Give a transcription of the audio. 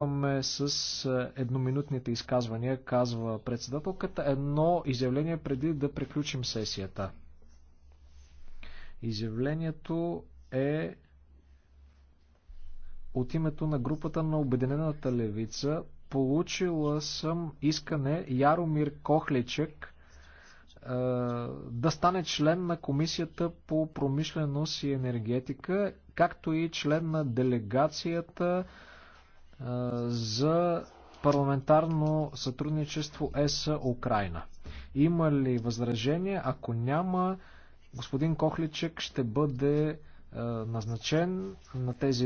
Започваме с е, едноминутните изказвания, казва председателката. Едно изявление преди да приключим сесията. Изявлението е от името на групата на Обединената левица. Получила съм искане Яромир Кохличек е, да стане член на Комисията по промишленост и енергетика, както и член на делегацията за парламентарно сътрудничество ЕС Украина. Има ли възражение? Ако няма, господин Кохличек ще бъде назначен на тези